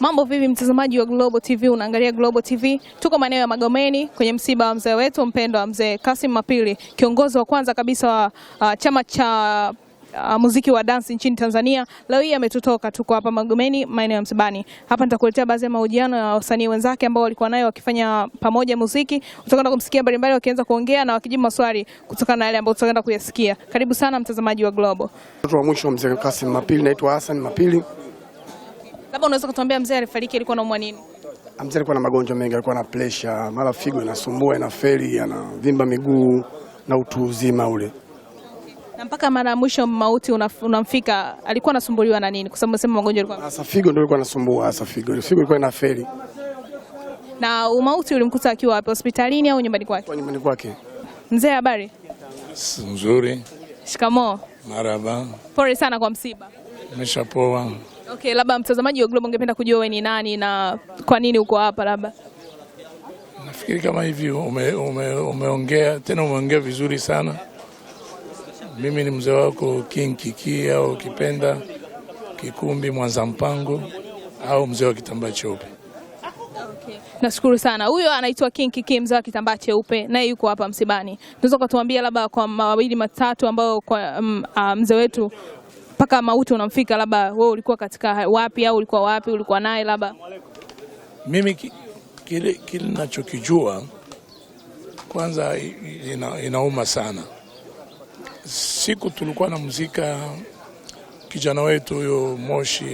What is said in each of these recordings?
Mambo vipi, mtazamaji wa Global TV, unaangalia Global TV. Tuko maeneo ya Magomeni kwenye msiba wa mzee wetu mpendwa, mzee Kasim Mapili, kiongozi wa kwanza kabisa wa uh, chama cha Uh, muziki wa dance nchini Tanzania. Leo hii ametutoka, tuko hapa Magomeni maeneo ya msibani. Hapa nitakuletea baadhi ya mahojiano ya wasanii wenzake ambao walikuwa nayo wakifanya pamoja muziki. Utakwenda kumsikia mbalimbali wakianza kuongea na wakijibu maswali kutokana na yale ambayo utakwenda kuyasikia. Karibu sana mtazamaji wa Global. mtoto wa mwisho wa mzee Kasim Mapili. Naitwa Hassan Mapili. Labda unaweza kutuambia mzee alifariki alikuwa anaumwa nini? Mzee alikuwa na magonjwa mengi, alikuwa na pressure, mara figo inasumbua, ina inafeli, anavimba miguu na utu uzima ule. Na mpaka mara ya mwisho mauti unamfika, una alikuwa anasumbuliwa na nini? Kwa sababu unasema magonjwa alikuwa. Sasa figo ndio alikuwa anasumbua sasa figo. Figo ilikuwa ina feli. Na umauti ulimkuta akiwa wapi? Hospitalini au nyumbani kwake? Kwa nyumbani kwake. Mzee, habari? Nzuri. Shikamoo. Marhaba. Pole sana kwa msiba. Nimeshapoa. Okay, labda mtazamaji wa Global ungependa kujua wewe ni nani na kwa nini uko hapa? Labda nafikiri kama hivi ume, ume, umeongea tena umeongea vizuri sana. Mimi ni mzee wako King Kiki au ukipenda Kikumbi Mwanza Mpango au mzee wa kitambaa cheupe. Okay. Nashukuru sana. Huyo anaitwa King Kiki mzee wa kitambaa cheupe naye yuko hapa msibani. Tunaweza kutuambia labda kwa mawili matatu ambayo kwa um, uh, mzee wetu mpaka mauti unamfika, labda wewe ulikuwa katika wapi au ulikuwa wapi, ulikuwa naye labda? Mimi kile kile ninachokijua kwanza, ina, inauma sana. Siku tulikuwa na muzika kijana wetu huyo Moshi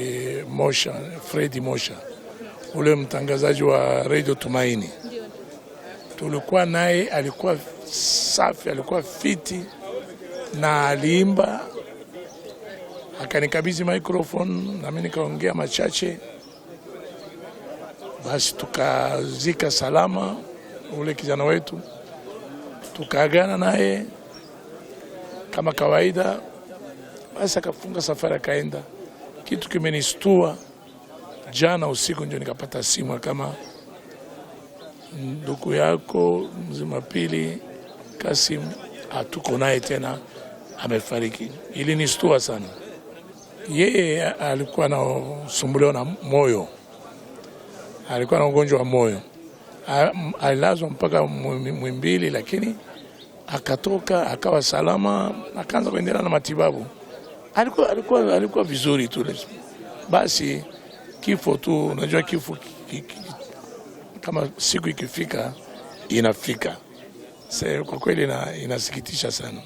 Mosha, Fredi Mosha, ule mtangazaji wa Radio Tumaini, tulikuwa naye, alikuwa safi, alikuwa fiti na aliimba akanikabidhi microphone na mimi nikaongea machache, basi tukazika salama ule kijana wetu, tukaagana naye kama kawaida, basi akafunga safari akaenda. Kitu kimenistua jana usiku, ndio nikapata simu kama ndugu yako mzima pili Kasim hatuko naye tena, amefariki. Ilinistua sana yeye alikuwa anasumbuliwa na moyo, alikuwa na ugonjwa wa moyo, alilazwa mpaka Mwimbili, lakini akatoka akawa salama, akaanza kuendelea na matibabu. Alikuwa, alikuwa, alikuwa vizuri tu, basi kifo tu. Unajua kifo kama siku ikifika inafika. Kwa kweli inasikitisha sana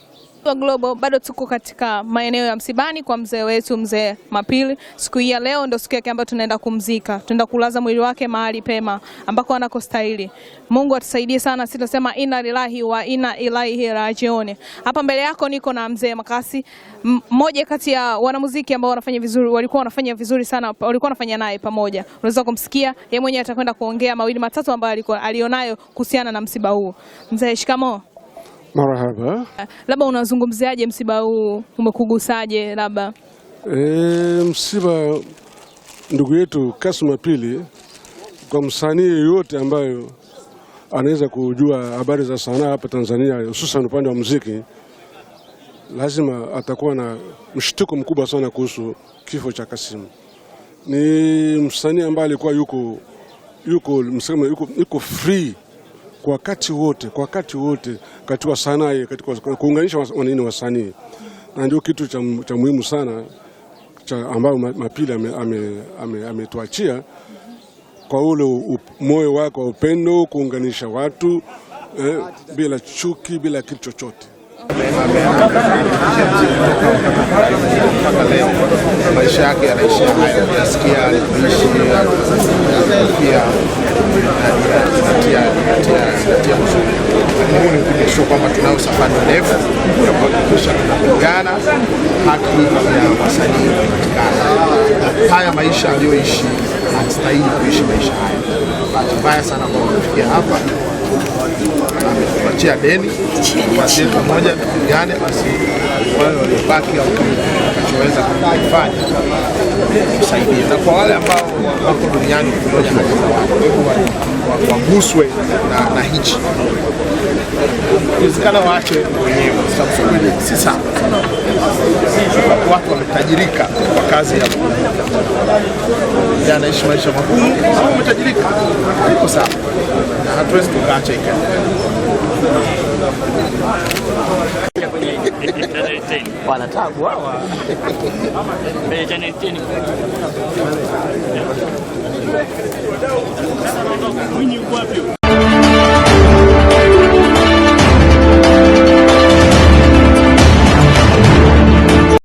wa Global bado tuko katika maeneo ya msibani kwa mzee wetu mzee Mapili. Siku hii ya leo ndio siku yake ambayo tunaenda kumzika, tunaenda kulaza mwili wake mahali pema ambako anakostahili. Mungu atusaidie sana, tunasema inna lillahi wa inna ilaihi rajiun. Hapa mbele yako niko na mzee Makasi, mmoja kati ya wanamuziki ambao wanafanya vizuri, walikuwa wanafanya vizuri sana, walikuwa wanafanya naye pamoja. Unaweza kumsikia yeye mwenyewe, atakwenda kuongea mawili matatu ambayo alikuwa alionayo kuhusiana na msiba huo. Mzee, shikamoo. Marahaba. Labda unazungumziaje msiba huu, umekugusaje labda? E, msiba ndugu yetu Kassim Mapili, kwa msanii yeyote ambayo anaweza kujua habari za sanaa hapa Tanzania, hususan upande wa muziki, lazima atakuwa na mshtuko mkubwa sana kuhusu kifo cha Kasim. Ni msanii ambaye alikuwa yuko yuko, yuko, yuko free kwa wakati wote, kwa wakati wote katika sanaa, katika kuunganisha wanini wasanii, na ndio kitu cha, cha muhimu sana cha ambayo Mapili ametuachia ame, ame kwa ule moyo wake wa upendo kuunganisha watu eh, bila chuki, bila kitu chochote. Maisha yake yanaishia hayo, nasikia aliishi pia natia uzuri. Huu ni kuonyesha kwamba tunayo safari ndefu ya kuhakikisha tunapigana haki ya wasanii kupatikana. Haya maisha aliyoishi anastahili kuishi maisha haya. Bahati mbaya sana kwamba kufikia hapa ametuachia deni, basi pamoja tupigane, basi wale waliobaki au tunachoweza kufanya kusaidia, na kwa wale ambao wako duniani pamoja na waguswe na hichi iwezekana wache wenyewe, sababu si sana watu wametajirika kwa kazi ya anaishi maisha magumu, umetajirika iko sawa, na hatuwezi tukaacha ikaendelea. wanatabu hawa